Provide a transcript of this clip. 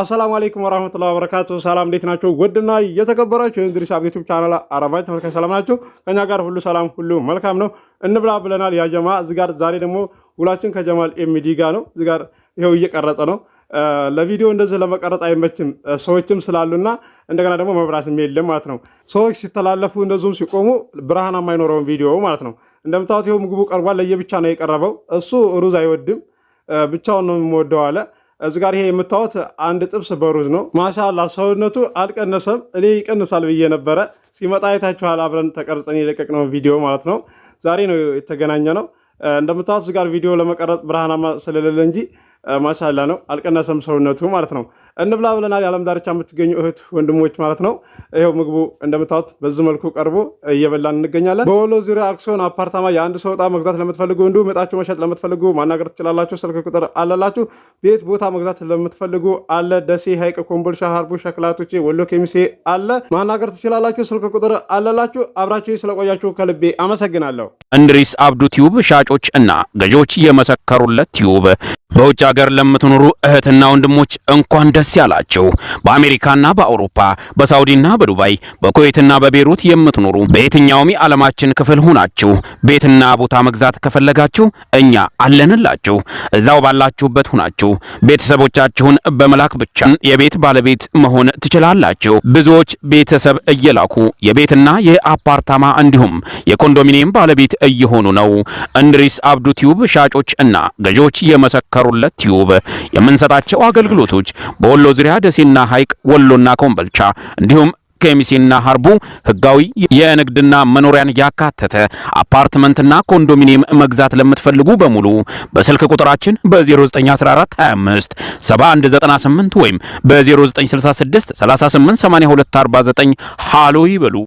አሰላሙ አለይኩም ወራህመቱላሂ ወበረካቱ። ሰላም እንዴት ናቸው? ውድና የተከበራችሁ የእንድሪስ አብ ዩቲዩብ ቻናል አረባጭ ተመልካች ሰላም ናቸው? ከኛ ጋር ሁሉ ሰላም ሁሉ መልካም ነው። እንብላ ብለናል። ያ ጀማ እዚህ ጋር ዛሬ ደግሞ ውላችን ከጀማል ኤምዲ ጋር ነው። እዚህ ጋር ይኸው እየቀረጸ ነው። ለቪዲዮ እንደዚህ ለመቀረጽ አይመችም ሰዎችም ስላሉና እንደገና ደግሞ መብራትም የለም ማለት ነው። ሰዎች ሲተላለፉ እንደዚሁም ሲቆሙ ብርሃን የማይኖረውን ቪዲዮ ማለት ነው። እንደምታዩት ይኸው ምግቡ ቀርቧል። ለየብቻ ነው የቀረበው። እሱ ሩዝ አይወድም ብቻውን ነው የሚወደው አለ እዚ ጋር ይሄ የምታዩት አንድ ጥብስ በሩዝ ነው። ማሻላ ሰውነቱ አልቀነሰም። እኔ ይቀንሳል ብዬ ነበረ። ሲመጣ አይታችኋል። አብረን ተቀርጸን የለቀቅነው ቪዲዮ ማለት ነው። ዛሬ ነው የተገናኘ ነው። እንደምታዩት እዚ ጋር ቪዲዮ ለመቀረጽ ብርሃናማ ስለሌለ እንጂ ማሻላ ነው። አልቀነሰም ሰውነቱ ማለት ነው። እንብላ ብለናል። የዓለም ዳርቻ የምትገኙ እህት ወንድሞች ማለት ነው። ይኸው ምግቡ እንደምታዩት በዚህ መልኩ ቀርቦ እየበላን እንገኛለን። በወሎ ዙሪያ አክሲዮን አፓርታማ የአንድ ሰው ዕጣ መግዛት ለምትፈልጉ እንዲሁም መጣችሁ መሸጥ ለምትፈልጉ ማናገር ትችላላችሁ። ስልክ ቁጥር አለላችሁ። ቤት ቦታ መግዛት ለምትፈልጉ አለ። ደሴ፣ ሐይቅ፣ ኮምቦልሻ፣ ሀርቡ፣ ሸክላ፣ ወሎ ኬሚሴ አለ። ማናገር ትችላላችሁ። ስልክ ቁጥር አለላችሁ። አብራችሁ ስለቆያችሁ ከልቤ አመሰግናለሁ። እንድሪስ አብዱ ቲዩብ ሻጮች እና ገዢዎች የመሰከሩለት ቲዩብ በውጭ ሀገር ለምትኖሩ እህትና ወንድሞች እንኳን ደስ ያላችሁ በአሜሪካና በአውሮፓ በሳውዲና በዱባይ በኩዌትና በቤሩት የምትኖሩ በየትኛውም የዓለማችን ክፍል ሆናችሁ ቤትና ቦታ መግዛት ከፈለጋችሁ እኛ አለንላችሁ። እዛው ባላችሁበት ሆናችሁ ቤተሰቦቻችሁን በመላክ ብቻ የቤት ባለቤት መሆን ትችላላችሁ። ብዙዎች ቤተሰብ እየላኩ የቤትና የአፓርታማ እንዲሁም የኮንዶሚኒየም ባለቤት እየሆኑ ነው። እንድሪስ አብዱ ቲዩብ ሻጮች እና ገዢዎች የመሰከሩለት ቲዩብ የምንሰጣቸው አገልግሎቶች በወሎ ዙሪያ ደሴና ሐይቅ፣ ወሎና ኮምበልቻ እንዲሁም ኬሚሴና ሀርቡ ህጋዊ የንግድና መኖሪያን ያካተተ አፓርትመንትና ኮንዶሚኒየም መግዛት ለምትፈልጉ በሙሉ በስልክ ቁጥራችን በ 0914257198 ወይም በ0966 388249 ሃሎ ይበሉ።